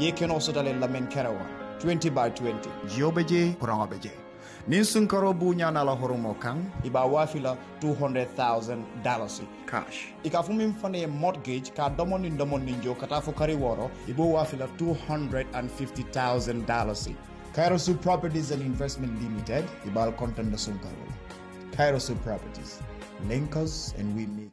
ye ken oso dalen la men kerewa 20 by 20 Jobeje, je kuranga beje nin sun karo bu nyana la horomo iba wafila 200000 dollars cash ika fu min fane mortgage ka domo ni domon ni jo kata fu kari woro ibo wafila 250000 dollars Cairo Properties and Investment Limited, Ibal Content Sun Cairo. Cairo Properties, link us and we meet.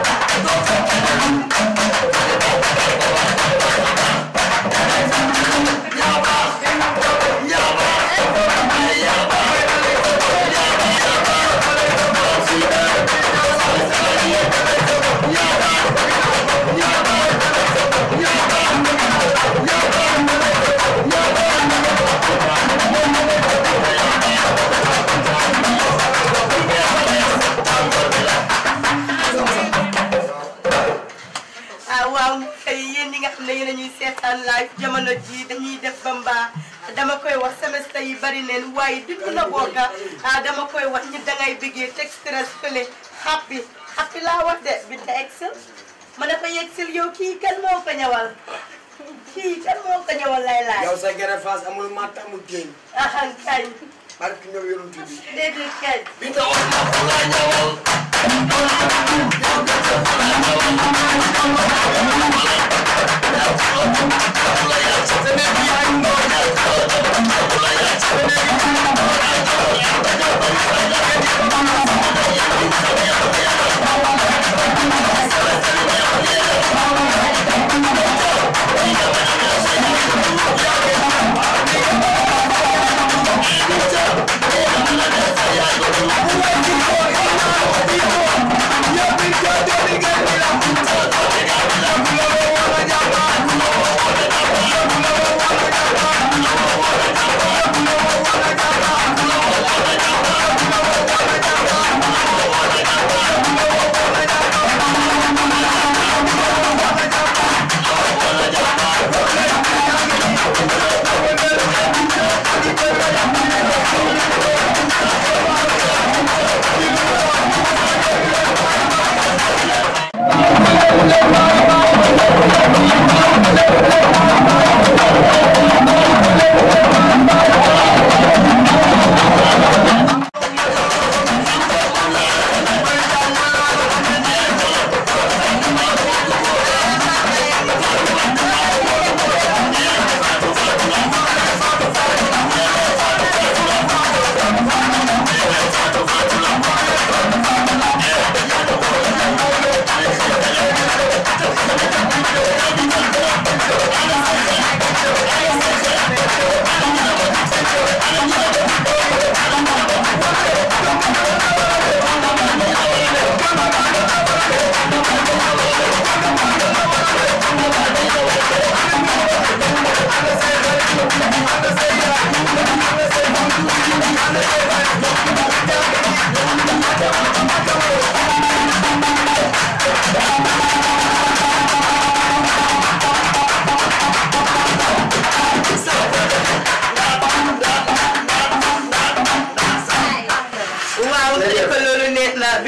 bari neen waaye di dunda booga dama koy wax ñi ngay bëggee teg stress fële happy happy laa wax de bi te excel mané fa ko yexel yow ki kan mo ko ñawal ki kan mo ko ñawal lay lay yow sa gere face amul matt amul ah han kay barki ñëw yonent bi déedéet kay bi ta wax na ko la ñawal Thank you. Thank you.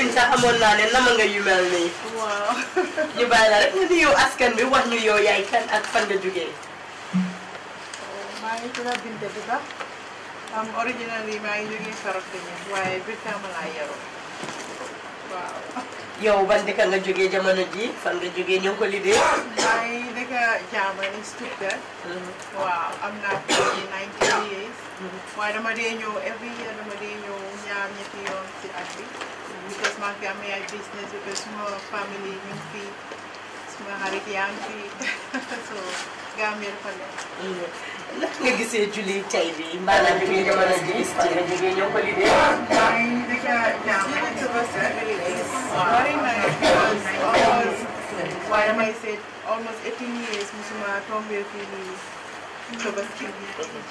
luñ sax xamoon na ne nama nga yu mel nii. waaw ñu la rek askan bi wax ñu yow yaay kan ak fan nga jógee. maa ngi am originally maa ngi jógee Farafenni waaye Brikama laa yaroo waaw. yow ban dëkk nga jógee jamono ji fan nga jógee ñoo ko liggéey. maa ngi mm-hmm. waaw am naa fi 19 years. Mm-hmm. waaye dama dee ñëw every year dama dee ñëw ñaar ñetti yoon si at bi. business, my family had business because my family is in feet, my harit yang feet. So Gambia for that. Nak nga gisee Julie tey bi maanaam bi ngeen mën a gis ci nga jóge ñoo ko liggéey. maa ngi dëkk Dame. Very nice because almost, why am I said almost 18 years musuma tombé fii nii. Tobaski bi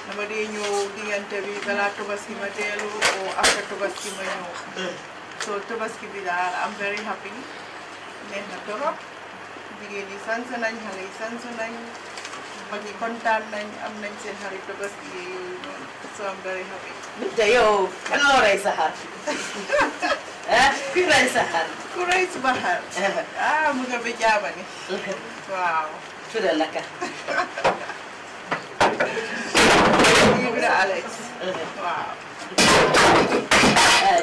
dama dee ñëw diggante bi balaa Tobaski ma teelu o after Tobaski ma ñëw. so soltu baski bidar i'm very happy nen na torop jigéen yi sant nañ xale yi sant kontan mag yi kontaan nañ am nañ seen hari ba iya, baski iya, iya. so i'm very happy te yow kan loo rey saxar ku rey saxar ku rey saxar ah mu nga ba jaabani waaw tuda laka Alex. Eh. Wow.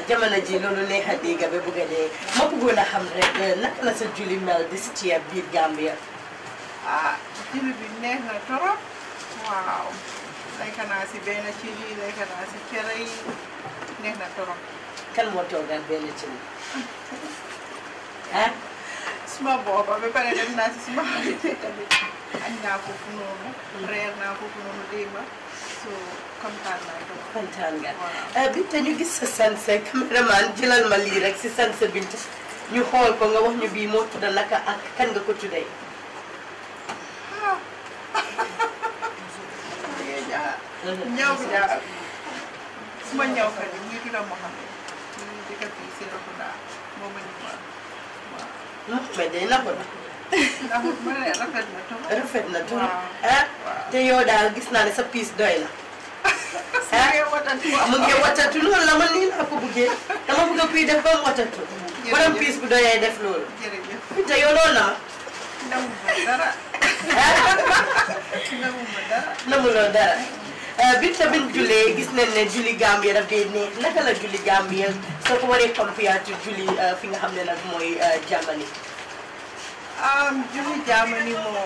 jamono ji loolu neex a dégg ba bëgg ma bëggoon a xam rek euh, naka la sa mel di si ceeb biir Gambia. ah julli bi neex waaw lekk naa si benn ci lii lekk naa si cere yi neex na torop. kan moo toogal benn ci lii ah. suma booba ba pare dem naa si suma xarit tamit so kontaan naa ko kontaan nga Binta ñu gis sa sanse cameraman jëlal ma lii rek si sanse Binta ñu xool ko nga wax ñu bii moo di ñuy tudda Mohamed ñu dëkk fii si Rokuda na ko nag ndax bu rafet na trop. rafet ah, te yow daal gis naa ne sa piis doy na. ah mu ngi watatu loolu la man nii laa ko buggee dama bëgg a kuy def ba mu watatu. jërëjëf piis bu doyee def loolu. jërëjëf te yow loolu naa. namu ma dara. namu dara. namu loo dara. Ah, bi gis nañ ne julli Gambia daf dee ne naka la julli Gambia soo ko waree comparer ci julli ah, fi nga xam ne nag mooy Germany. julli um, jaama ni moom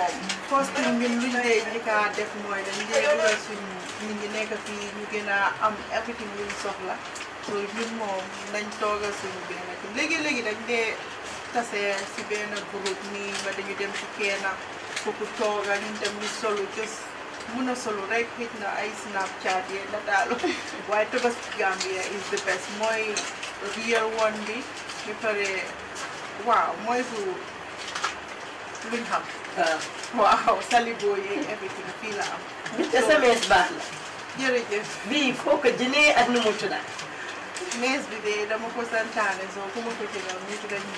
first thing ñun luñ dee njëkka def mooy dañ dee dugal suñ nit ñi nekk fii ñu gën a am everything luñ soxla so ñun moom nañ toogal suñu benn léegi-léegi dañ dee tase si benn groupe nii ba dañu dem si kenn kooku toogal ñu dem ñu solu jos mun a solu rek xëj na ay Snapchat yee la daalu waaye Tabaski Gambia is the best mooy real one bi ba pare waaw mooy bu luñ xam. waaw salibo yi everything fii la am. te sa mees baax la. jërëjëf. bii foo ko jëlee ak nu mu tudda. mees bi de dama ko santaane soo ku ma ko jëloon ñu tudda ñu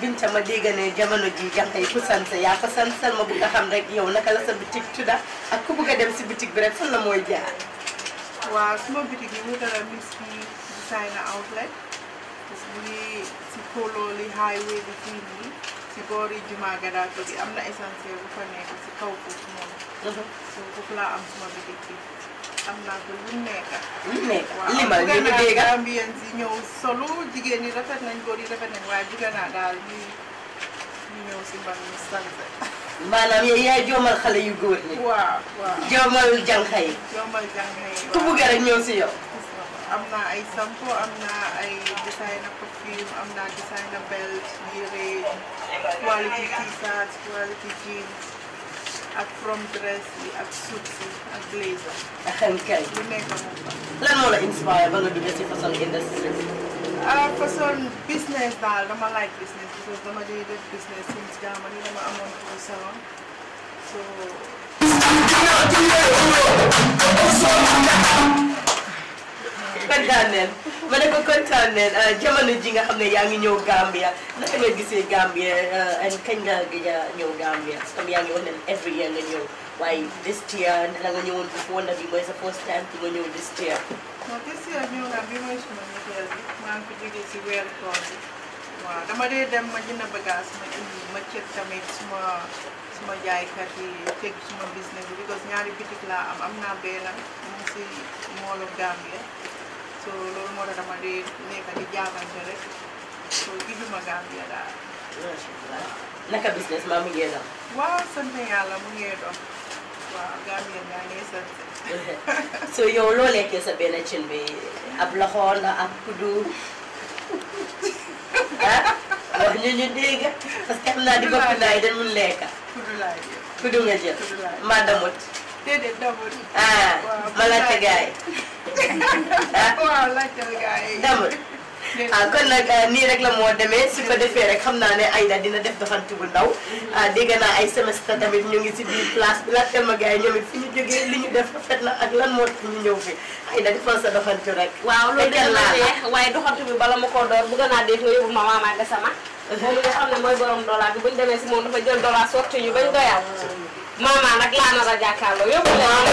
Binta ma dégg ne jamono ji jànq yi ku sant yaa ko santal ma bugg a xam rek yow naka la sa boutique tudda ak ku bugg a dem si boutique bi rek fan la mooy jaar. waaw suma boutique yi mu dara Miss Designer Outlet. ñu ngi si Kololi highway bi fii nii si boori Juma Gadafi bi am na essentiel bu fa nekk si kaw foofu noonu. Mhm. so foofu laa am suma bitik bi am naa ko lu nekk. limal ñu ngi dégg waaw si ñëw solo jigéen ñi rafet nañ góor yi rafet nañ waaye bëgg naa daal ñu ñu ñëw si mbar mi sant. maanaam yow joomal xale yu góor ñi. waaw waaw joomal jànq yi. ku bëgg rek ñëw si yow. amna ay sampo, amna ay design na perfume, amna design na belt, bire, quality t-shirts, quality jeans, at from dress, at suits, at blazer. Okay. Lumeka mo pa. Lan mo na-inspire ba nabigay si Fasol Industry? Ah, uh, Fasol business dahil naman like business because naman din business since na ma amon ko sa So... kontaan neen ma ne ko euh, jamono ji nga xam ne yaa ngi ñëw Gambia naka nga gisee Gambia euh, and kañ nga gëj ñëw Gambia comme yaa ngi wax every year nga ñëw waaye this year ndax nga ñëwoon foofu wala bi mooy sa first time bi nga ñëw this year. non this year ñëw naa bi mooy suma ñetteel bi maa ngi ko jógee si weeru koor bi waaw dama dee dem ma jënd bagage ma indi ma ceeb tamit suma suma jaaykat yi teg suma business bi because ñaari bitik laa am am naa benn mu si Gambia. so loolu moo tax dama di nekk di jaabante rek so gisuma Gambia daal. naka business maa mu ngee dox. yàlla mu ngee dox so yow loo lekkee sa benn cin bi ab loxo ab kuddu ah wax ñu ñu dégg parce que xam naa di bopp naa yi mun lekka. kuddu laa jël nga jël. kuddu laa déedéet damul. Eh, ah ma laajte gars yi. ah waaw laajte gars yi. damul ah kon nag nii rek la moo demee si ko defee rek xam naa ne Aïda dina def doxantu bu ndaw. ah dégg naa ay semestre tamit ñu ngi si biir place bi laajte ma gars yi ñoom fi ñu jógee li ñu def fet na ak lan moo tax ñu ñëw fi Aïda defal sa doxantu rek. waaw loolu dina la neex waaye doxantu bi bala ma koo door bëgg naa dégg nga yóbbu ma maama Gassama. moom li nga xam ne mooy borom dollar bi bu ñu demee si moom dafa jël dollar sorti ñu bañ doyal. maama nag laa nar a jàkkaarloo yóbbu leen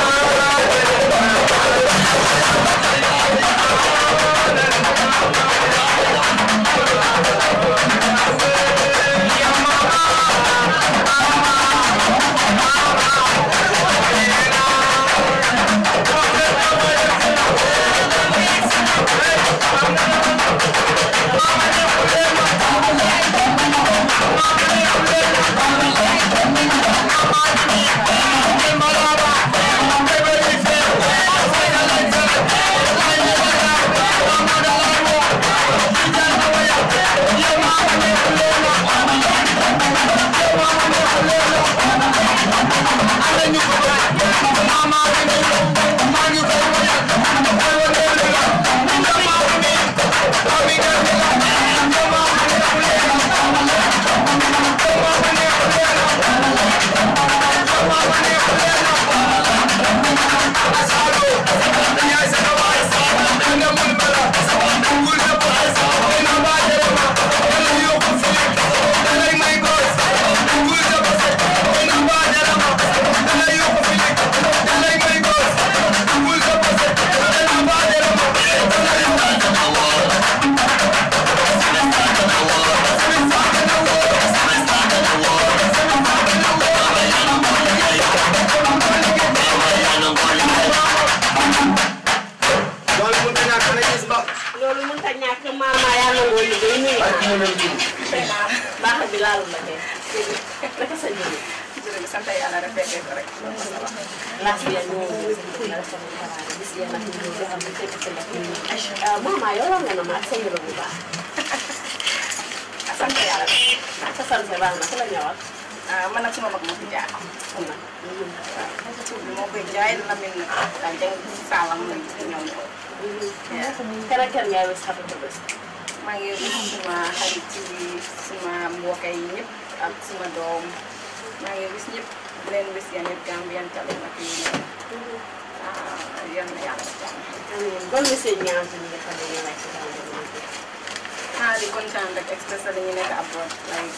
baal ma ki la ñëwal man nag suma mag moo fi jaar xam na suuf bi kan ak kan ngay wis xam nga bés maa ngi wis suma xarit yi suma mbokk yi ñëpp ak suma doom maa ngi wis Gambian Talents ak yi ñëw na express abroad like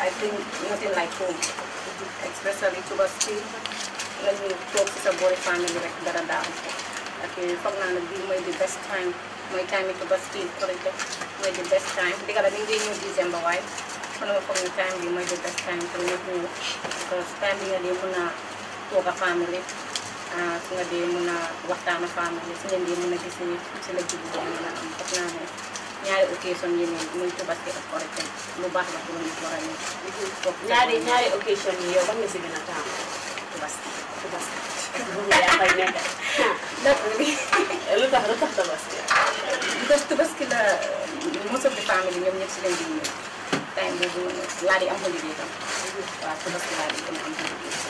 I think nothing like home, especially to Street la ñu toog si sa boori famille rek dara daal ak foog naa ne bii mooy the best time my time yi Touba Street My mooy the best time di nga la ñu December waaye kon nga foog ne time bi mooy the best time to ñëpp ñëw parce que time bi nga dee mën a toog uh, a famille family. a waxtaan a famille a gis nit a am ñaari occasion yi ne muy Tabaski ak Korité lu baax la pour nit war a ñaari ñaari occasion yi yow ban nga si gën a taamu. Tabaski Tabaski. moom la yaa fay nekk. parce que Tabaski la mos a di famille ñoom ñëpp si lañ di ñëw. time laa di am ko tam. Mhm. waaw laa di gën a am ko liggéey.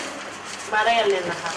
maa reyal leen na xam.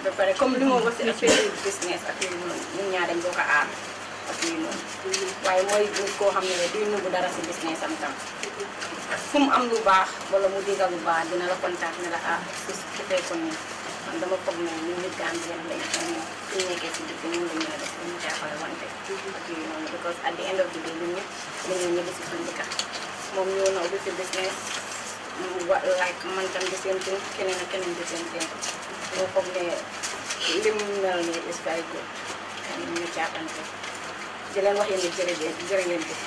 ba pare comme li ma wax si affaire business ak yooyu noonu ñaar dañ boo ko aar ak yooyu noonu waaye mooy koo xam ne duy nëbbu dara si business am tam fu am lu baax wala mu dégg lu baax dina la contact ne la ah su su fekkoon ne man dama foog ne ñun ñu nekkee si la ñu la def ñu wante because at the end of the day ñun ñëpp dañoo ñibbi si suñu dëkk moom ñëw na ubbi si business mu wa like man tam di seen keneen ak keneen di seen yoo xam ne li mu mel nii is very good ñu ngi caatante di leen wax yéen a jërëjëf jërë ngeen jëf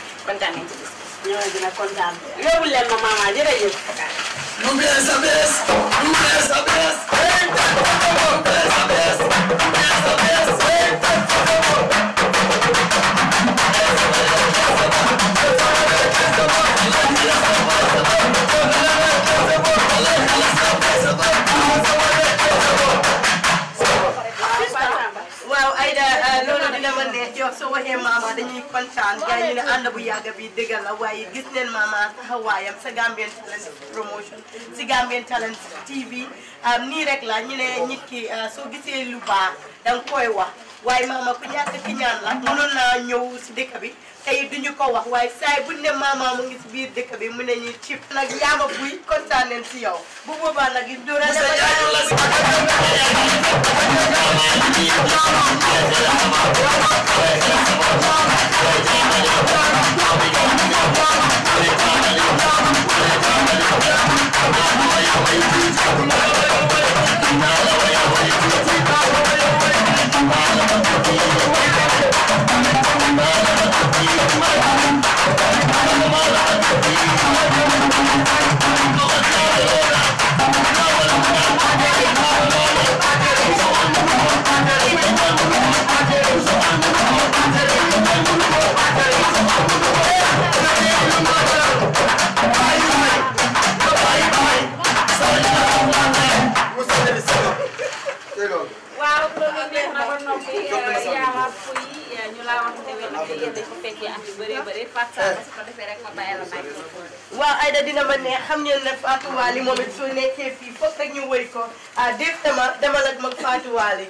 kontaan nañ ci bis bi. ñoo dina kontaan. yóbbu leen ma maman jërëjëf. mu bees a bees mu bees a bees. mu bees a bees mu bees a bees. jox soo Mama, maama dañuy kontaan gars yi ñu ne ànd bu yàgg bi dëgg la waaye gis neen maama taxawaayam sa Gambian Talent promotion si Talent TV I'm um, la ñu ne nit ki uh, soo gisee lu baax danga koy wax waaye mama ku ñàkk ki ñaan la mënoon naa ñëw si dëkk bi tey duñu ko wax waaye saay bu ne maama mu ngi si biir dëkk bi mu ne ñu cib nag yaama buy kontaan nañ si yow bu boobaa nag i dora America. ah def dama demal ak mag Fatou Waly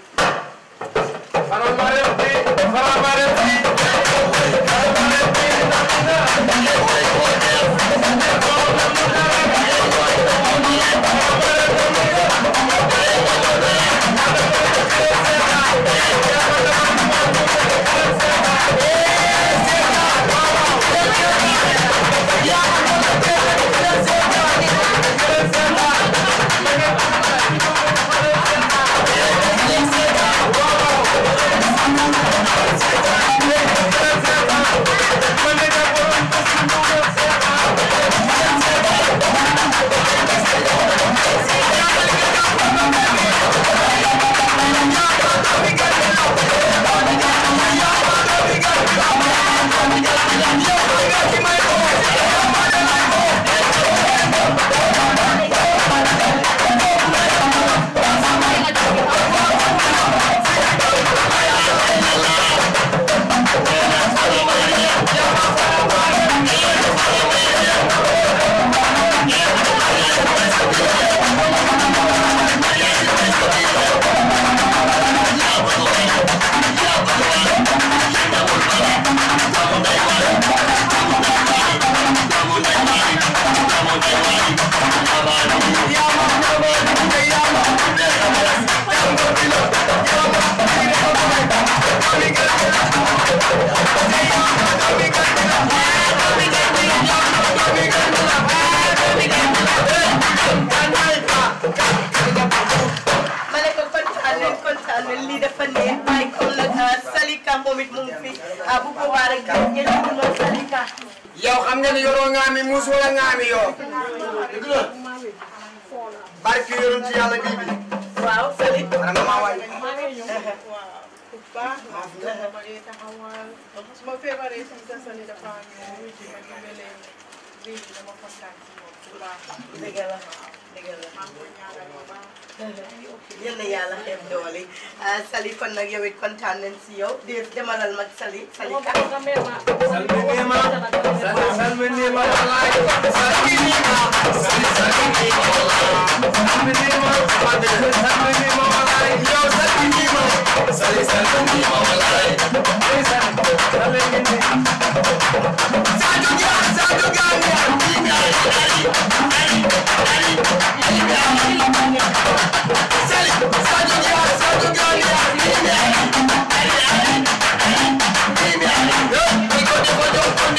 Mă febare să-mi dă să le dă pe anul, uite, mă bine, vine, mă contați, mă, De yal na yàlla xeeb doole Sali kon nag yow it kontaan nañ di demalal mag Sali Sali ka salbe Sali Sali Sali Sali Sali Sali Sali Sali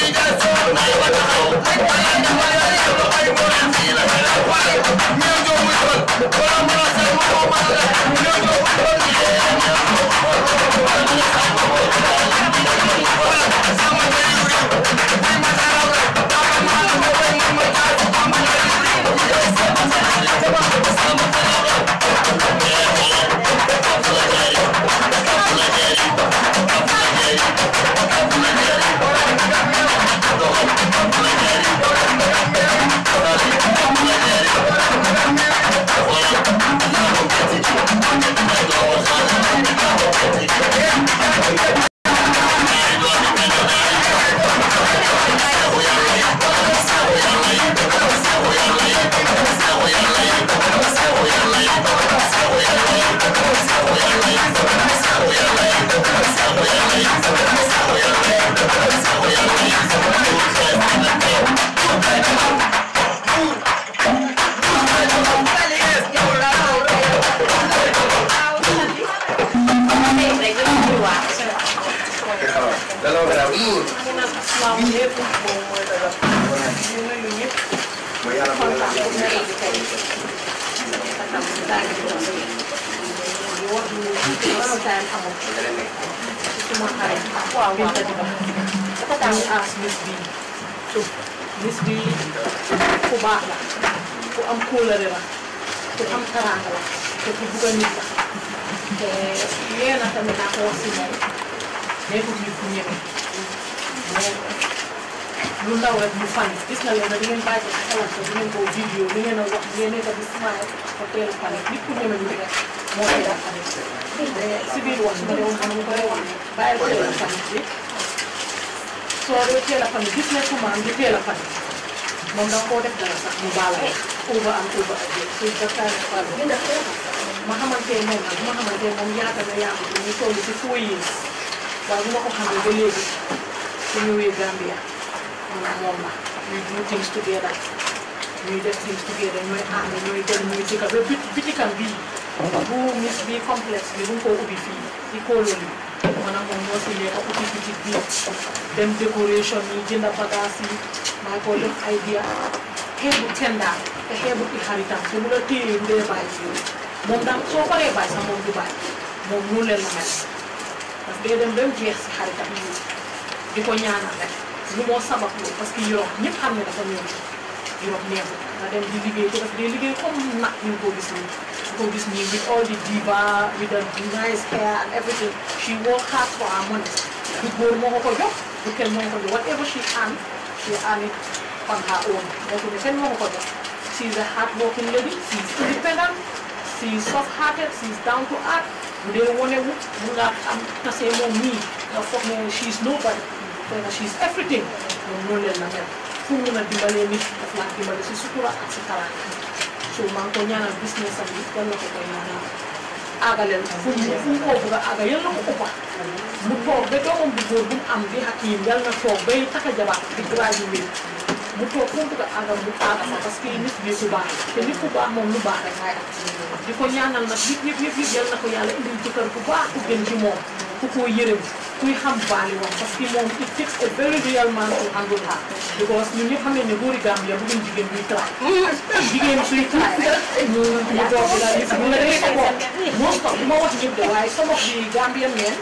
Yes, sir. gis nañ ne dangeen bàyyi ko ci salon bi dangeen ko vidéo ni ngeen a wax ngeen ne tamit smile ba teel a pare nit ku ñeme ñu rek moo lay daal pare si biir wax ma ne woon xam nga ko bàyyi ko teel a pare bi soo dee teel a pare gis ne ku maam di teel a pare moom da koo def dara sax mu baal rek tuuba am tuuba ak yéen suy dakkaay fàllu ma xamante moom nag ma xamante moom yaata na yaatu ñu toll ci foo yées waaye bu ma ko xamee ba léegi suñu wéy Gambia man ak moom la ñuy do things together ñuy def things together ñooy ànd ñooy dem ñooy dikka ba bu mis bi complexe bi bu ko ubbi fii ci kóolóoli man ak moom moo si nekk ubbi bitik bii dem décoration yi jënd bagage yi maa idea xeebu kenn te xeebu i xaritam su mu la téyee mu dee bàyyi fii moom daal soo paree bàyyi sax moom du bàyyi moom mu leen la mel daf dee dem jeex si xaritam di ko ñaanal rek lu moo sabab parce que Europe ñëpp xam ne dafa ñëw Europe neexul nga dem di liggéey ko liggéey comme nag ñu ngi ko gis nii su ko gis nii with all the diva with a nice hair and everything she work hard for her money du góor moo ko ko jox du whatever she earn it on her own moo ko kenn moo ko jox she is a hard working lady she is independent she is soft hearted she is down to earth bu dee wane wut mun am tase moom nii nga she is nobody xëy na she's everything moom noonu leen la mel fu mu mën a dimbalee nit daf laa dimbale si sutura ak si talaata so maa ngi ko ñaanal business am bi yàlla ko koy ñaanal aagaleel fu mu fu mu koo bëgg a aagal yàlla ko uppa mu toog ba doomam bu góor bu mu am bi Hakim yàlla na toog bay takka jabar di gradué mu toog fu mu bëgg a aagal mu aagal ma parce que nit bi ku baax te nit ku baax moom lu baax rek laay am di ko ñaanal nag nit ñëpp ñëpp yëpp yàlla na ko yàlla indil jëkkër bu baax ku gën ci moom kuku yërëm kuy xam it takes a very real man to handle her because you need to nañ ne góori Gambia bëgguñ jigéen buy traay jigéen suy traay ñu most of ma wax some of the Gambian men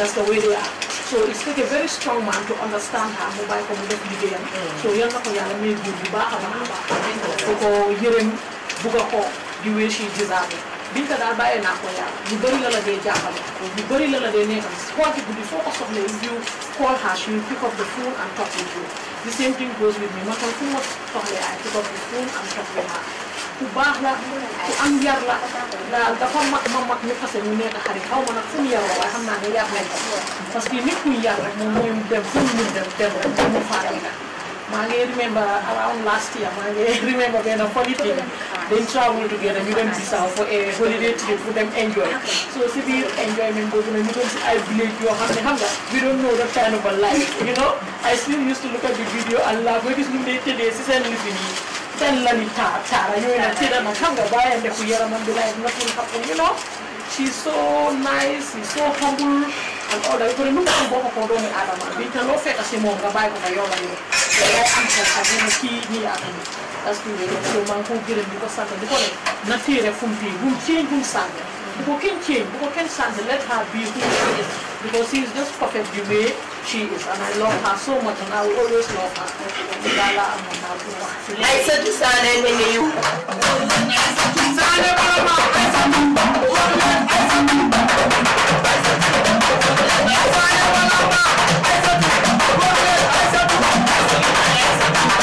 that's the way they are so it's take a very strong man to understand her mobile communication. ko mm. so you na ko yàlla may góor bu baax a baax a baax you ko yërëm bugg a biñ ko daal bàyyee naa ko yàlla ñu bëri la la dee jàppale ñu bëri la la dee neexal koo ci guddi foo ko soxlee you call her she will pick up the phone and talk with you the same thing goes with me ma toll fu ma soxlee I pick up the phone and talk with her ku baax la ku am yar la daal dafa mag ma fase ñu nekk xarit xaw ma nag fu mu yar la waaye xam naa ne yar nañ parce que nit kuy yar rek moom mooy dem maa remember around last year maa ngi remember benn politique they travel together ñu dem Bissau for a holiday trip bu them enjoy so si biir enjoyment boobu nag ñu dem si ay village yoo xam ne we don't know that kind of a life you know I still used to look at the video and laugh ba gis ñu lay tëddee si seen lifin yi seen lali taar taara yooyu nag tëdda nag xam nga bàyyeen defu yaramam bi laay nothing happen you know she's so nice she's so humble and all that ko ne nu ko bokk ko doomi aadama bi te loo fekk si moom nga bàyyi ko fa yow la nii te yow am ko fa mu kii nii ak nii parce que maa ngi ko gërëm di ko ko ne na téere fu mu téye bu mu téye bu Buko can change, Buko can stand let her be who she is because she is just perfect the way she is and I love her so much and I will always love her. I said to Sana when you I said to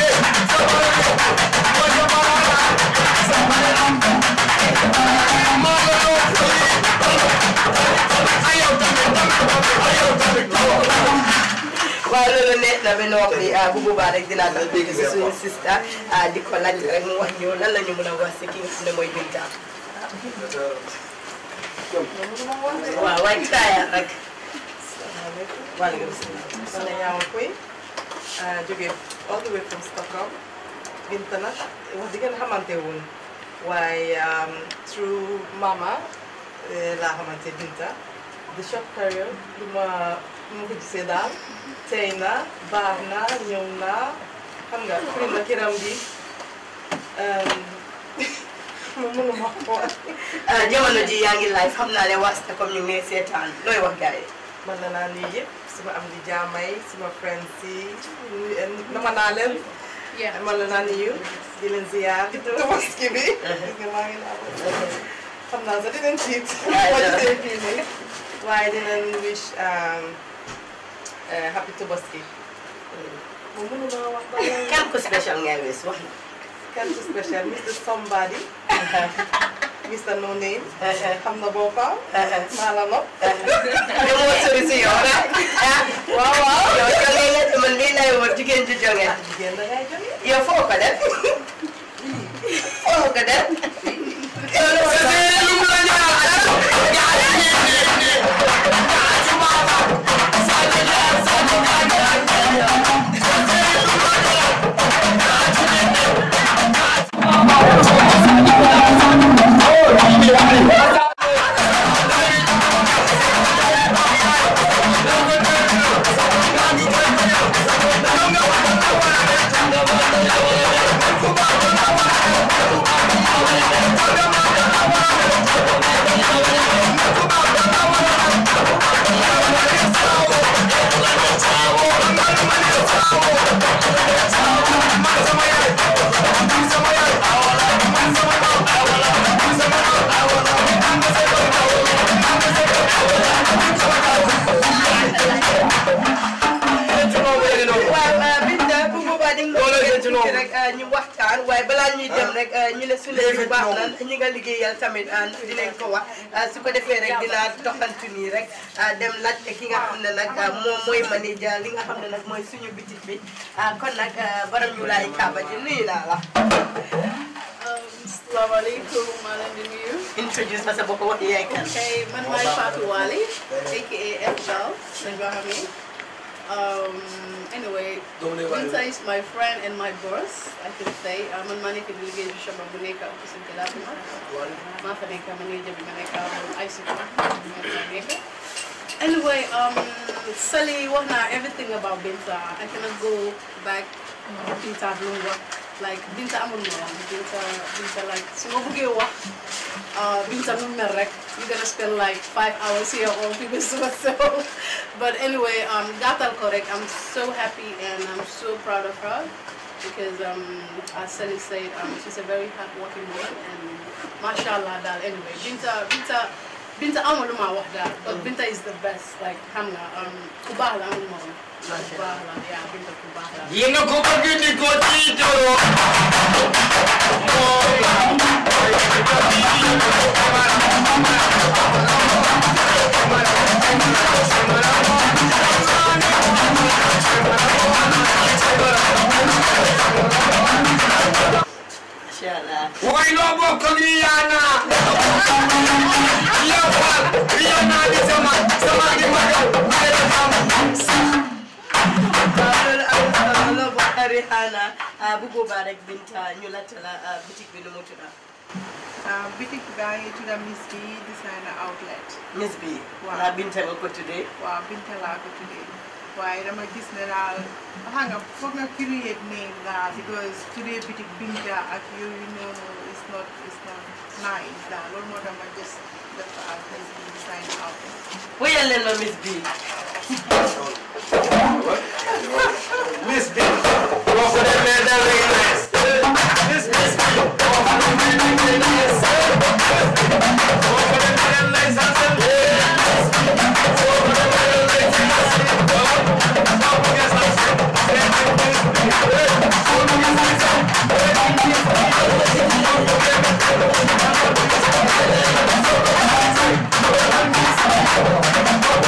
Hey! waaw loolu neex na ba noppi ah, bu boobaa rek dinaa dal dégg si suñu sista ah, di ko laaj rek mu wax ñu lan la ñu mën a wax si ki nga xam ne mooy Binta. waaw waaye taaya rek. waaleykum salaam. Uh, Juliet, all the way from Stockholm, Vintanas, was again Hamanteun. Why, um, through Mama, la Hamante Binta, the short period, Luma Mugitse daal, tey na, baax na, ñëw na, xam kiram bi. moom mënu ma xool. jamono ji yaa ngi live xam naa ne waasta comme ñu ngi seetaan looy wax man na naa suma am di jaamay suma friends yi nama naa leen ma niyu di leen ziyaar tabaski bi gis nga maa ngi naa xam naa sax dinañ tiit ma gisee fii nii waaye dinañ wish um, uh, happy tabaski ma mënuloo wax kan ko special ngay wis wax kan ko special Mr. Somebody uh-huh. gis na no name eh, eh. xam na boppam eh, maa la nopp demoo sori si yow rek waaw waaw yow jonge nga man lii lay wër jigéen ji jonge ah, jigéen da ngay jonge yow foo ko def foo ko def lum la ñaar bu baax na ñi nga liggéeyal tamit ah, dinañ ko wax ah, su ko defee rek dinaa toxantu nii rek ah, dem laajte ki nga xam ne nag moom mooy manager li nga xam ne nag mooy suñu bitik bi kon nag borom ñu laay kaaba ji nuyu naa la. salaamaaleykum maa leen di nuyu. introduce ma sa bopp wax yaay kan. man maay um, anyway, Binta is my friend and my boss, I can say. I'm on Maneka Delegation Shama Buneka, which is in Kalabima. Mafaneka, Maneja, Maneka, ICP, Maneka. Anyway, um, Sally, what now? Everything about Binta. I cannot go back. Binta Blumwa like Binta amul morom Binta Binta like su ma bëggee wax uh, Binta nu merek. you gonna spend like five hours here all because so so but anyway um gàttal ko I'm so happy and I'm so proud of her because um as Sally said um she's a very hard working woman and mashallah daal anyway Binta Binta Binta amul lu ma wax but mm. Binta is the best like xam nga um, ku baax la इनको पगली कोची जोरो Oh, xanaa uh, bu boobaa rek Binta ñu la tala uh, boutique bi nu mu tudda um, boutique baa ngi tudda Miss B designer outlet Miss B waaw Binta nga ko tuddee waaw Binta laa ko tuddee waaye dama gis ne daal xam nga foog nga create name daal because tuddee boutique Binta ak yooyu noonu is not it's not nice daal loolu moo tax ma gis def ko right now. Where your Miss B? Miss B. Go for the medal nice. Miss Miss B. Go for the medal nice. Go nice. nice. nice.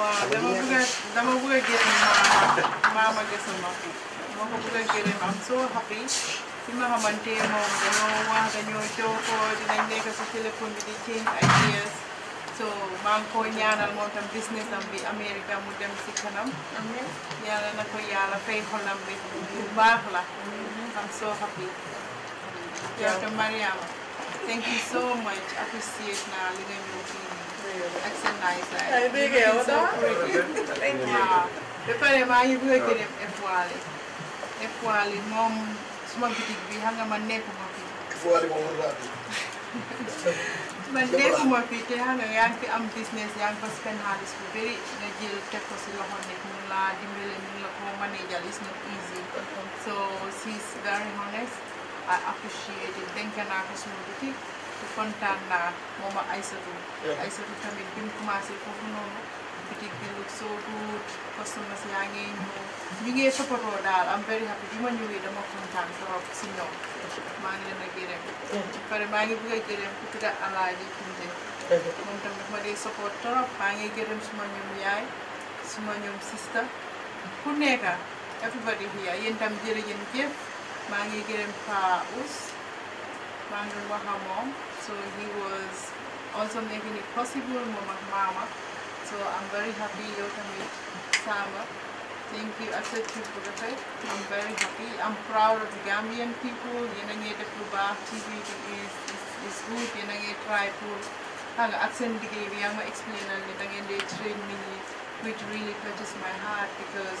waaw dama bëgg a dama bëgg a gërëm maama maama Gassama moo ko bëgg a gërëm am soo happy si nga xamante moom dañoo wax dañoo jokkoo dinañ nekk si téléphone bi di change ideas so maa ngi ko ñaanal moom tam business am bi Amérique mu dem si kanam yàlla na ko yàlla fay xolam bi bu baax la am soo happy yow tam Mariama thank you so much appreciate naa li nga ñëw fii ak seen naay saay. ay bëgg daa waaw ba pare a dem Efoale. Efoale moom suma bitik bi xam ma man nekkuma fi. Efoale moom laa nekkuma fi te xam yaa ngi fi am business yaa ngi fa spend xaalis bu bëri nga jël teg si loxo nit ñu la dimbale ñu la ko manager is not easy so she's very honest I appreciate it dénk naa ko suma bitik. kontaan naa moom ak Aïssatou Aïssatou tamit bi mu foofu noonu boutique bi lu soo tuut customers yaa ngi ñëw ñu ngi daal am very happy bi ma ñëwee dama kontaan trop si ñoom maa ngi leen a gërëm maa ngi bëgg a gërëm maa ngi gërëm suma ñoom yaay suma ñoom sista ku nekka maa ngi gërëm Pa wax ak moom so he was also making it possible Mama Mama. So I'm very happy can meet Samba. Thank you, Accepted Budapest. I'm very happy. I'm proud of the Gambian people. Yenangete Puba, TV is, is, is good. Yenangete try to accent the game. I'm explaining that again, they train me, which really touches my heart because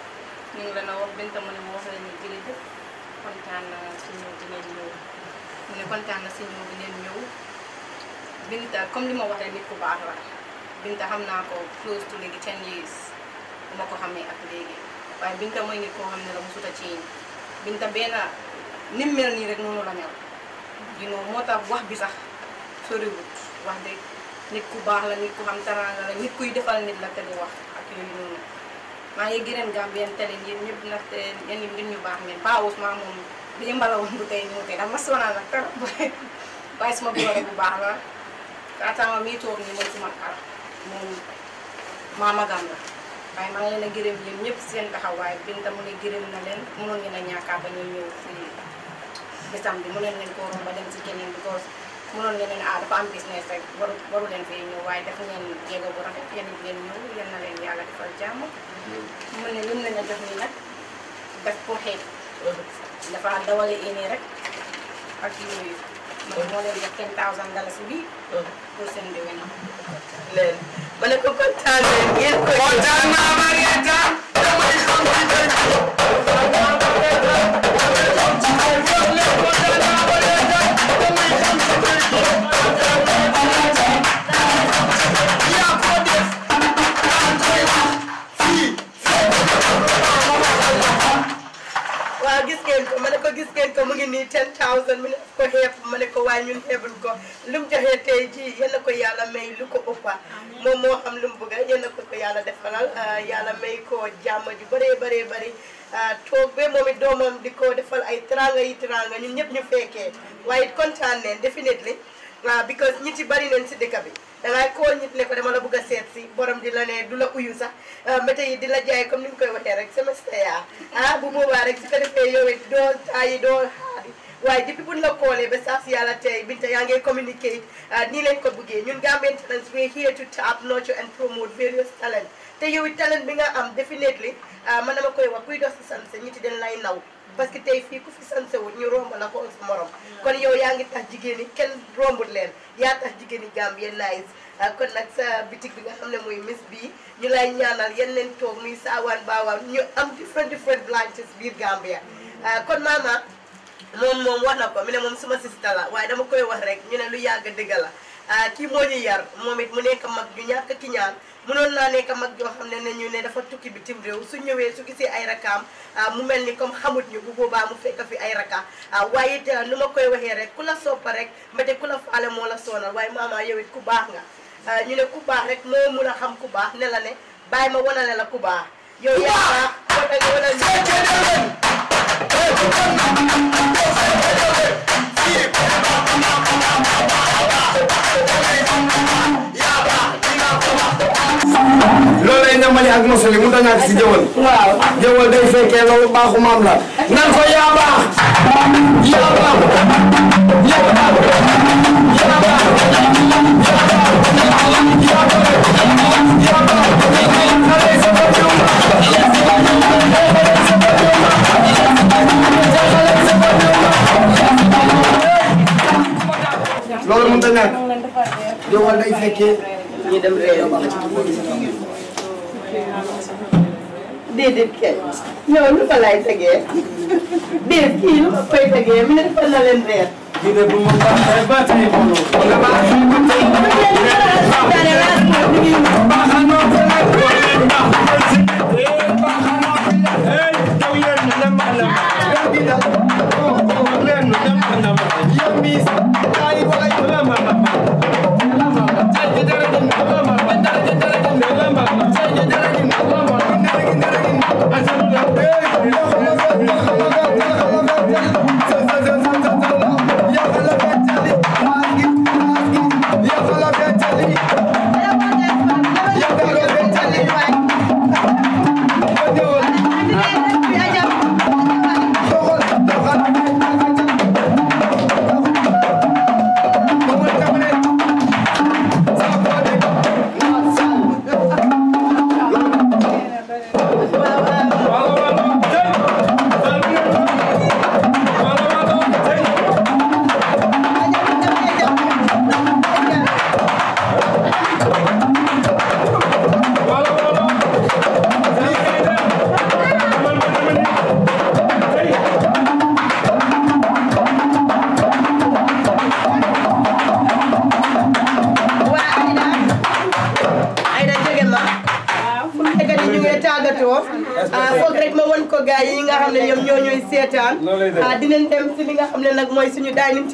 ñu ngi la wax Binta mu ne ma wax la ñu jërëjëf kontaan na si ñëw bi ngeen ñëw mu ne kontaan na si ñëw bi ngeen ñëw Binta comme li ma waxee rek nit ku baax la Binta xam naa ko close to léegi ten ko xamee ak waaye Binta mooy nit koo xam ne la musuta ci Binta benn ni mu mel nii rek noonu la mel you know moo tax wax bi sax soriwut wax dëgg nit ku baax la nit ku xam teraanga la nit kuy defal nit la te du wax ak yooyu noonu maa ngi gërëm Gambian Talents yéen ñëpp nag yéen nit ñu baax ngeen Paa Ousmane moom li ñu mbala woon bu tey ñëw tey bu baax la kaataama mi toog nii mooy suma kar a gërëm yéen ñëpp seen taxawaay Binta mu ne gërëm na leen mënoon ngeen a ñàkkaa ba ñuy ñëw si bisam bi mënoon ngeen koo romb dem si keneen because mënoon ngeen ne ah dafa am business rek waru waru leen fee ñëw waaye def ngeen bu rafet yéen it ngeen ñëw na leen yàlla defal jàmm mu ne lim lañ la jox nii nag def ko xeet. dafa dawale indi rek ak yooyu. man moo leen jox ten thousand dalasi bi. pour seen déwénam. leen ma ne ko kontaan ngeen ko. kontaan naa Marieta damay xam ngeen ko mu ngi nii ten thousand mu ne ko xeeb ma ne ko waaye ñun xeebul ko lu mu joxee tey jii yal na ko yàlla may lu ko ëppa moom moo xam lu mu bëgg yal na ko ko yàlla defalal ah, yàlla may ko jàmm ju bëree bëree bëri ah, toog ba moom it doomam di ko defal ay teranga yi teranga ñun ñëpp ñu fekkee waaye it kontaan neen definitely ah, because ñi ci bëri neen si dëkk bi dangay koo nit ne ko dama la bëgg a seet si borom di la ne du la uyu sax mbete euh, yi di la jaay comme ni mu koy waxee rek semestre yaa ah bu boobaa rek su ko defee yow it doo taayi doo xaari waaye depuis buñ la koolee ba saa si yàlla tey Binta yaa ngi communicate ah, nii leen ko bëggee ñun Gambian Talents we here to tap nurture and promote various talent te yow it talent bi nga am definitely ah, man dama koy wax kuy dox si sanse ñi ti den lay naw parce que tey fii ko fi sansewul ñu romb la ko sa morom kon yow yaa ngi tax jigéen ñi kenn rombut leen yaa tax jigéen ñi Gambie nice ah, kon nag sa bi nga xam ne muy Miss bi ñu lay ñaanal yeen leen toog muy saawaan baawaan ñu am different different branches biir Gambia ah, kon maama moom moom wax na ko mu ne moom suma sista la waaye dama koy wax rek ñu ne lu yàgg dëgg la ah, kii moo ñu yar moom it mu nekk mag ñu ñàkk ki ñaan mënoon naa nekk mag joo xam ne ñu ne dafa tukki bi tim réew su ñëwee su gisee ay rakkaam ah, mu mel ni comme xamut ñu bu baax mu fekk fi ay rakka ah, waaye it ah, nu ma koy waxee rek ku la soppa rek ma mbete ku la faale moo la soonal waaye maama yow it ku baax nga ñu ne ku baax rek moo mun a xam ku baax ne la ne bàyyi ma wanale la ku baax yow yaa baax moo tax nga wanal loolu lay namali ak mosali mu dañ ak si jëwal. waaw jëwal day fekkee loolu baaxu maam la nan ko yaa baax yaa baax yaa baax yaa ñu dem réew mi déedéet kay yow lu ko laay tegee déet kii lu ma koy tegee mu ne defal na leen reer. di ne bu ma baaxee ba tey Yo mismo. I'm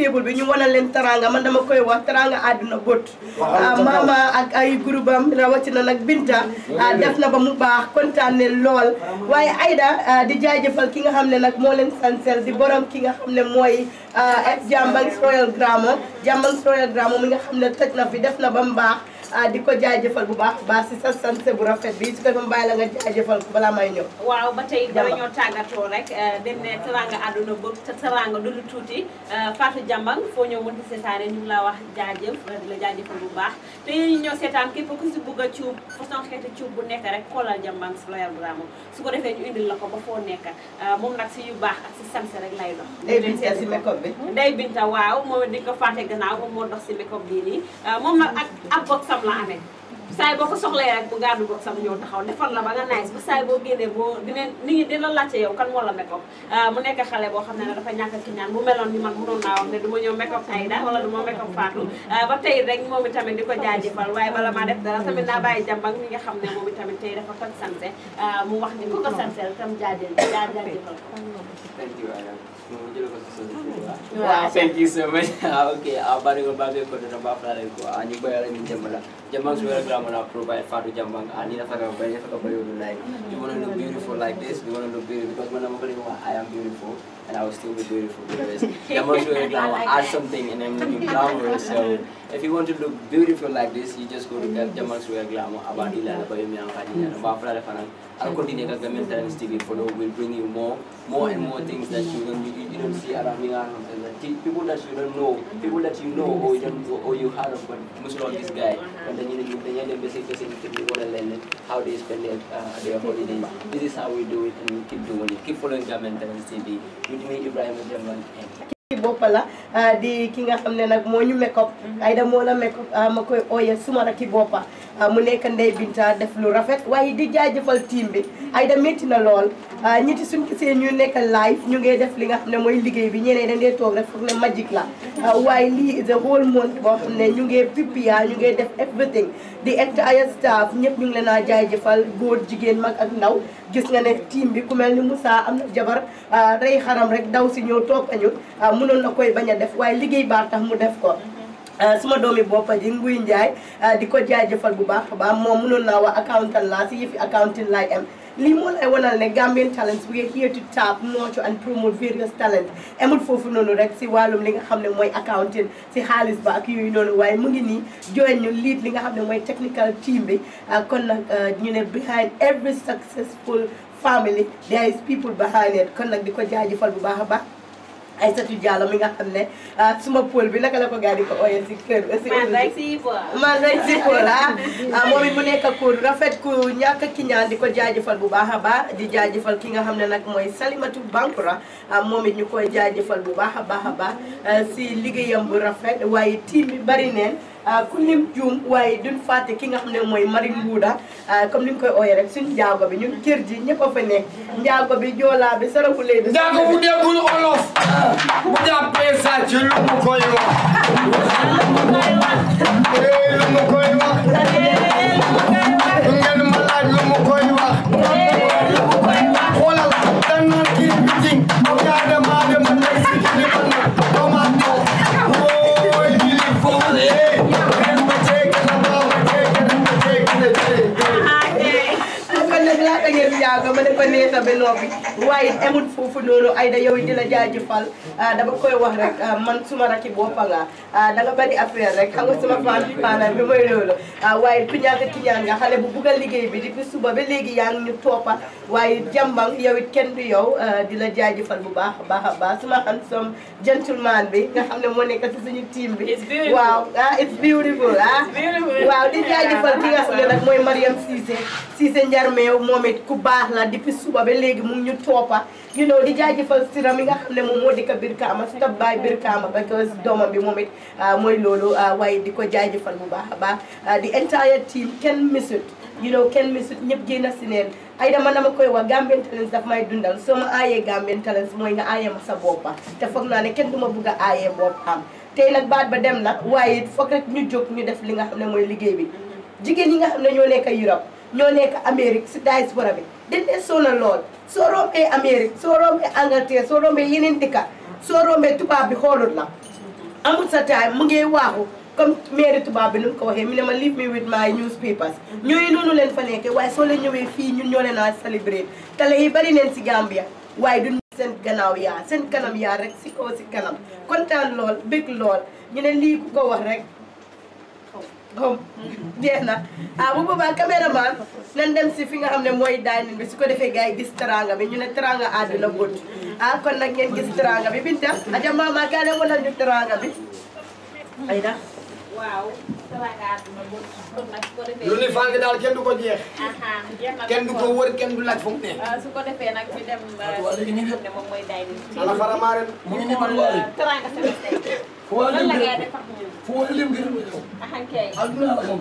table bi ñu wanal leen taranga man dama koy wax taranga àdduna bët ah, mama ak ay groupe am rawatina nag Binta ah, def na ba mu baax kontaan ne lool waaye ayda ah, di jaajëfal ki nga xam ne nag moo leen sansel di borom ki nga xam ne mooy jàmbang royal gramo jàmbang royal gramo mi nga xam ne toj na fi def na ba mu baax di ko jaajëfal bu baax baax si sa sanse bu rafet bi su ko defee mbay la nga jaajëfal balaa may ñëw waaw ba tey dara ñoo rek eh, dem ne taranga àdduna te teraanga du lu tuuti euh, Fatou Diambang foo ñëw mënti seetaane ñu ngi la wax jaajëf di la jaajëfal bu baax te yéen ñëw seetaan képp ku si bugg a cuub façon xeeti cuub bu nekk rek xoolal la si Loyal Bramo su ko defee ñu indil la ko ba foo nekka euh, moom nag si yu baax ak si sanse rek lay dox day binta si makeup bi day waaw moom di ko fàtte gannaaw moom moo dox si makeup bii nii euh, moom nag ak ak boksam la amee saay boo ko soxlee rek bu gàddu boog sama ñëw taxaw defar la ba nga nice bu saay boo génnee boo dinañ nit ñi dina laajte yow kan moo la make up ah, mu nekk xale boo xam ne dafa ñàkk ki ñaan bu meloon ni man mënoon naa wax ne du ma ñëw make up Aida wala du ma make ah, ba tey rek moom itamit di ko jaajëfal waaye bala maa def dara tamit naa bàyyi jàmbang mi nga xam ne moom itamit tey dafa toj sanse ah, mu wax ni ku ko sansel tam jaajël jaajëfal ko thank you so much okay a bari ko babe ko da ba fara ko ani ko yara min jambala Jamban's real grandmother provide Fatu Jambang and Nina Faka Faka like you wanna look beautiful like this, you wanna look beautiful because when I'm looking I am beautiful and I will still be beautiful because Jamban's real grandma add something and I'm looking glamorous. So if you want to look beautiful like this, you just go to Jamban's real grandma about Ilana Bayumyang and Bafra Fanang. I'll continue the mentalist degree for now. We'll bring you more, more and more things that you don't, you, you don't see around me around people that you don't know, people that you know or you don't or you heard of, but most of this guy, and then you know, then you basically basically want to learn how they spend their, uh, their holidays. This is how we do it, and we keep doing it. Keep following Government Talents TV with me, Ibrahim Jamal. boppa la uh, di ki nga xam ne nag moo ñu make up mhm. ay da moo la make up uh, ma koy ooye suma rakki boppa Ah, mu nekk Ndeye Binta def lu rafet waaye di jaajëfal team bi ay da métti na lool ah, ñiti suñ gisee ñu nekk live ñu ngey def li nga xam ne mooy liggéey bi ñeneen dañ dee toog rek foog ne magique la ah, waaye lii the whole month boo xam ne ñu ngee prepare ñu ngey def everything di entire staff ñëpp ñu ngi leen a jaajëfal góor jigéen mag ak ndaw gis nga ne team bi ku mel ni Moussa am na jabar rey xaram rek daw si ñëw toog añu mënoon na koy bañ a def waaye liggéey baa tax mu def ko Euh, suma doomi boppa ji Nguy Njaay euh, di ko jaajëfal bu baax a baax moom mënoon naa wax accountant laa si yëfi accounting laa am li moo lay wanal ne Gambian talents we are here to tap nurture and promote various talent amul foofu noonu rek si wàllum li nga xam ne mooy accounting si xaalis ba ak yooyu noonu waaye mu ngi nii join ñu liit li nga xam ne mooy technical team bi euh, kon nag ñu ne behind every successful family there is people behind it kon nag di ko jaajëfal bu baax a baax ay Aïssatou Diallo mi nga xam ne ah, suma pool bi naka la ko gaa di ko si kër si man rek si pool ah moom it mu nekk ku rafet ku ñàkk ki ñaa di ko jaajëfal bu baax a baax di jaajëfal ki nga xam ne nag mooy Salimatu Bankura ah, moom it ñu koy jaajëfal bu baax a baax a baax ah, si liggéeyam bu rafet waaye tiim bi bari neen Euh, ku lim juum waaye duñ fàtte ki nga xam ne mooy Marine Bouda euh, comme ni ñu koy ooyee rek si njaago bi ñun kër ji ñëpp a fa njaago bi joolaa bi saraxulee bi njaago bu déggul olof ah. bu jàppee sa ci eh, lu mu koy wax lu mu koy wax lu mu koy wax da ngeen yàgg ma ne ko neeta ba loppi waaye emut foofu noonu Aida yow di la jaajëfal ah, dama koy wax rek ah, man suma rakki boppa nga ah, da nga bari affaire rek xam nga suma fan bi maanaam bi mooy waaye ku ñàkk ki ñaan nga xale bu bugg a liggéey bi depuis suba ba léegi yaa ngi ñu toppa waaye jàmbang yow it kenn di yow di la jaajëfal bu baax a baax a baax suma xam som gentleman bi nga xam ne moo nekk ci suñu team bi waaw ah it's beautiful ah waaw di jaajëfal ki nga xam ne nag mooy Mariam Cissé Cissé Njarmeew moom nit ku baax la depuis you know di jaajëfal sira mi nga xam ne moom moo di ko Brikama stop by Brikama because doomam bi moom it ah, mooy loolu ah, waaye di ko jaajëfal bu baax a baax ah, the entire team kenn misut you know kenn misut ñëpp jéy na si neen ay dama dama koy wax Gambian Talents daf may dundal soo ma aayee Gambian Talents mooy nga aayee ma sa boppa te foog naa ne kenn du ma bugg a aayee boppam tey nag baat ba dem na waaye foog rek ñu jóg ñu def li nga xam ne mooy liggéey bi jigéen ñi nga xam ne ñoo Europe ñoo nekk Amérique si diaspora bi dañ dee soxla lool soo rombee Amérique soo rombee Angleterre soo rombee neen dëkka soo rombee tubaab bi xoolut la amul sa taay mu ngi waaxu comme mairie tubaab bi nu ko waxee mu ne ma leave me with my newspapers ñooyu noonu leen fa nekkee waaye soo leen ñëwee fii ñun ñoo leen a célébrer télé yi bari neen si Gambia waaye duñ seen gannaaw yaa seen kanam yaa rek si kaw si kanam kontaan lool bég lool ñu ne lii ku ko wax rek comme jeex na ah bu boobaa caméraman nan dem si fi nga xam ne mooy dining bi su ko defee gars yi gis traanga bi ñu ne teranga àdduna bóot ah kon nag ngeen gis teranga bi Binta Adja Mama kaale wala ñu teranga bi ayda waaw. lu ne faa ngi daal kenn du ko jeex. kenn du ko wër kenn du laaj fu ne. Ah, su ko defee nag ñu dem. waaw ah, léegi ñu ah, ngi ne moom mooy daay bi. ala faramaare mu ngi demal loolu. lan la ngay def ak ñun. fu wóor lim gën a kay. adduna la xam.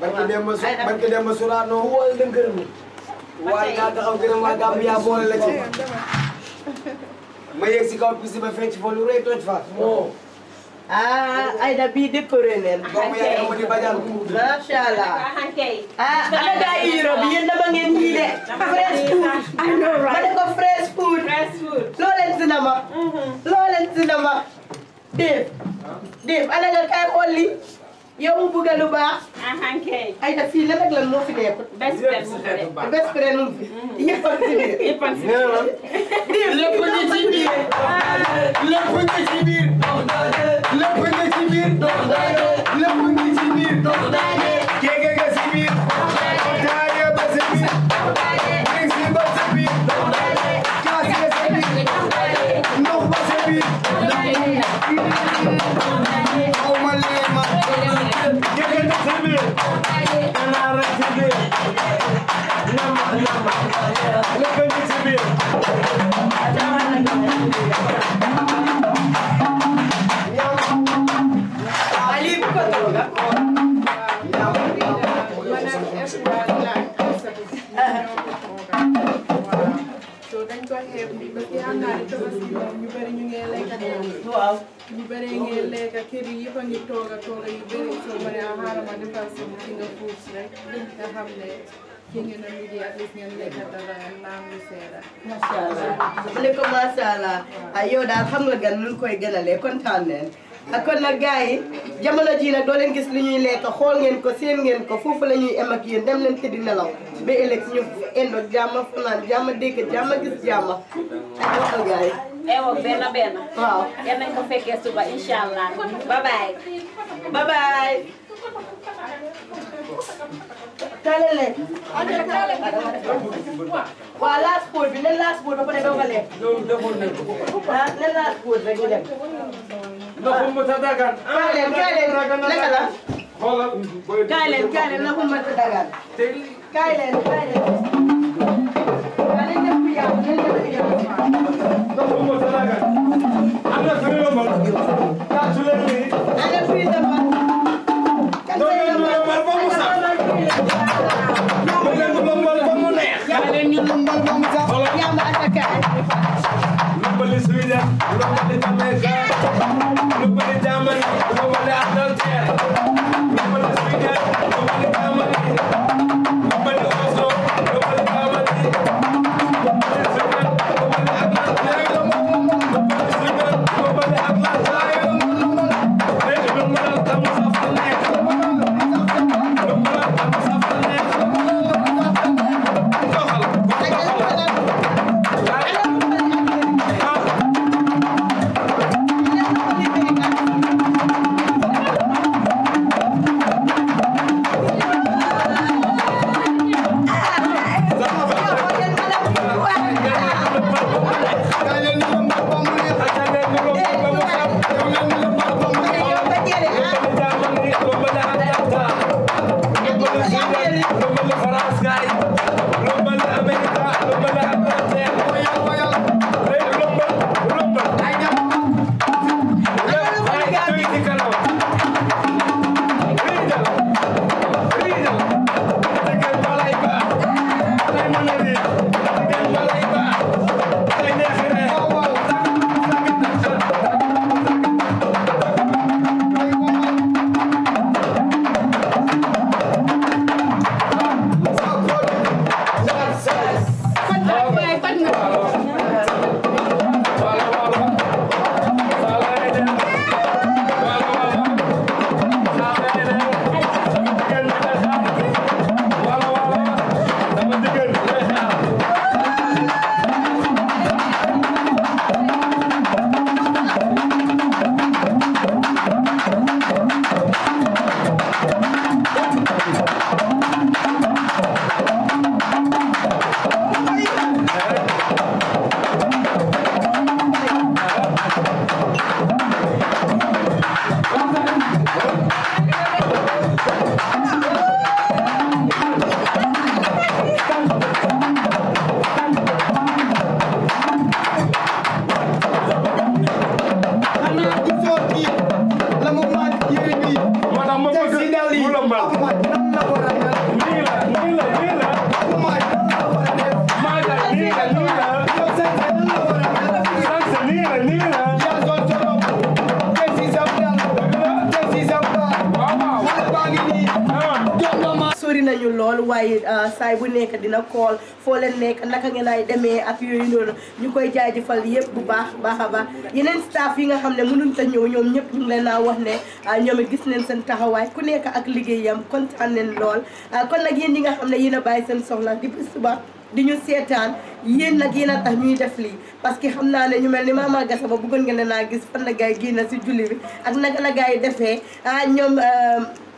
barke Demba su barke Demba Surano fu wóor lim gën a la ci. ma yegg si kaw piste ba fecc fa lu rëy toj fa. ah Aida bii dëpp reneen. macha allah. ah ana ah, gaa ah, ah, Europe bi yéen dama ngeen ñii de. fresh fresh food. loo leen si na ma. Mm-hmm. loo leen si Dave. Dave ana nga kay xool li yow mu bëgg lu baax. Aida fii lan ak lan moo fi nekk. best friend mu fi de. best friend mu fi. Mm-hmm. yëpp a ci biir. yëpp a ci lépp ngi ci biir lépp ngi ci biir waaw ñu bëree ngeen lekk kër yi yëpp a ngi toog a toog yu bëri soo ma ne ah xaaral ma defal sama ki nga fuus rek nga xam ne ki ngeen a liggéey ak ngeen lekk dara naan lu seeda. macha allah lépp macha allah yow daal xam nga gan lu koy gënalee kontaan nañ. ak kon nag gars yi jamono jii nag doo gis li ñuy lekk xool ngeen ko seen ngeen ko foofu la ñuy em ak yéen dem leen tëddi nelaw ba ëllëg ñu indo jàmma fanaan jàmma dégg jàmma gis jàmma ak waxal gars yi ewo benn benn waaw yal nañ ko fekkee suba incha allah bye bye bye bye taalal bi nen laas pool ba pare doog a lekk ah, rek ñu dem Naxumata Dagan. kaay leen kaay leen naka la. xoolal booy. kaay leen kaay leen Naxumata Dagan. tey kaay leen kaay leen. waaw nañ dem bu yàgg nañ dem bu yàgg. Naxumata Dagan. am na suñu yombal. kaa su leen nii. na ngeen fiy demal. kan la yombal ba mu sax. na ngeen ñu yombal ba mu neex. na ngeen ñu yombal ba mu sax. yàlla attaqué. lombali suñu dem. lombali tamit. call foo leen nekk naka ngeen ay demee ak yooyu noonu ñu koy jaajëfal yëpp bu baax baax a baax yeneen staff yi nga xam ne mënuñ ta ñëw ñoom ñëpp ñu ngi leen naa wax ne ah, ñoom it gis neen seen taxawaay ku nekk ak liggéeyam kontaan leen lool ah, kon nag yéen ñi nga xam ne yéen a bàyyi seen soxla di bis suba di ñu seetaan yéen nag yéen a tax ñuy def lii parce que xam naa ne ñu mel ni Mama Gassama bëggoon ngeen naa gis fan la gars yi génn si julli bi ak naka la gars yi de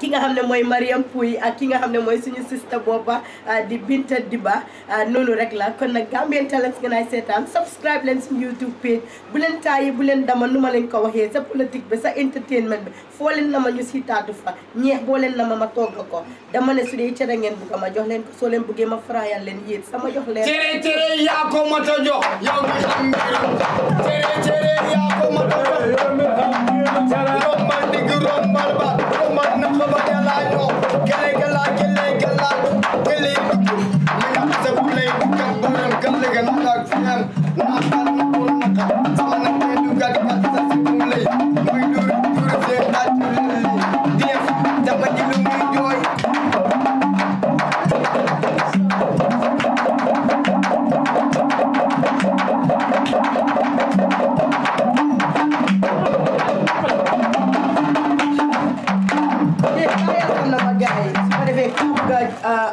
ki nga xam ne mooy Mariam Pouy ak ki nga xam ne mooy suñu sista booba ah, di Binta Diba ah, noonu rek la kon nag Gambian Talents nga naay seetaan subscribe leen suñu YouTube page bu leen taayi bu leen dama nu ma leen ko waxee sa politique bi sa entertainment bi foo leen na ma ñu si taatu fa ñeex boo leen na ma ma togg ko dama ne su dee cere ngeen bugg ma jox leen ko soo leen buggee ma faraayal leen yéen sama jox leen. cere cere yaa ko mat a jox yow mi am mbiram cere cere yaa ko mat a jox yow mi am mbiram cere rombal digg rombal ba rombal na ma ba yàlla jox gale gala gale gala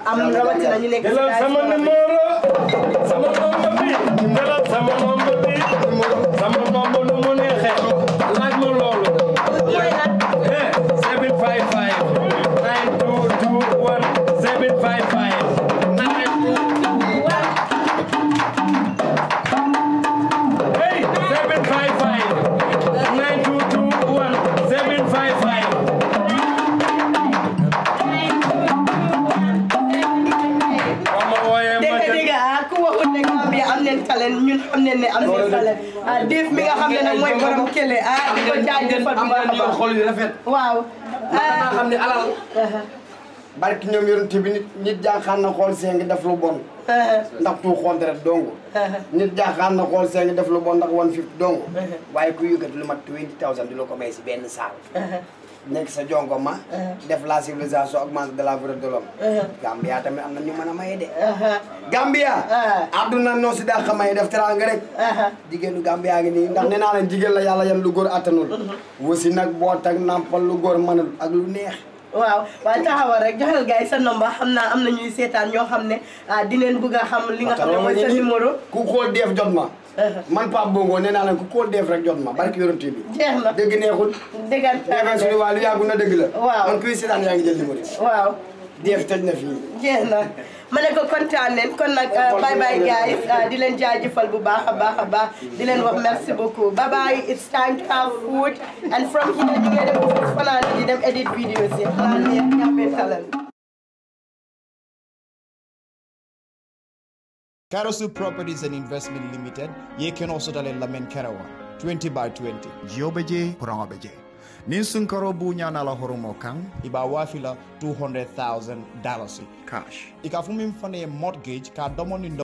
am rawatina ñu nekk si tool yu waaw. maanaam xam ne ñoom yonent bi ñu nit na xool seen ngi def lu bon. ndax tout contraire dong. nit jaaxaan na xool seen ngi def lu bon ndax one fifty dong. waaye ku yëkkati lu mat twenty thousand di la ko may si benn saal. nekk sa jonko uh-huh. def la civilisation ak manque de la valeur de l'homme uh-huh. Gambia tamit am na ñu mën a maye de uh-huh. Gambia adduna noo si dàq maye def teranga rek jigéenu Gambia ngi nii ndax nee naa leen jigéen la yàlla yan lu góor attanul wasi nag boot ak nampal lu góor mënul ak lu neex waaw waaye taxawal rek joxal gars yi sa nomba xam naa am na ñuy seetaan ñoo xam ne ah, dinañ bëgg a xam li nga ku xool def jot ma man Pape Bongo nee naa leen ko koo def rek jot ma barki yorante bi. jeex na dëgg neexul. dëggantaan la suñu waa lu yàggu na dëgg la. waaw man kuy seetaan yaa ngi jël numéro yi. waaw. def tëj na fii. jeex na ma ne ko kontaan leen kon nag bye bye guys ah, di leen jaajëfal bu baax a baax a baax di leen wax merci beaucoup bye bye it's time to have food and from here ñu ngi dem fanaan di dem edit video si xanaa ne yaa ngi Karasu Properties and Investment Limited, ye ken also dale lamen karawa, 20 by 20. Jiobe je, kurangobe je. Nin sun karo bunya na la horomo kan. Iba wafila $200,000. Cash. Ika fumi mfane mortgage, ka domoni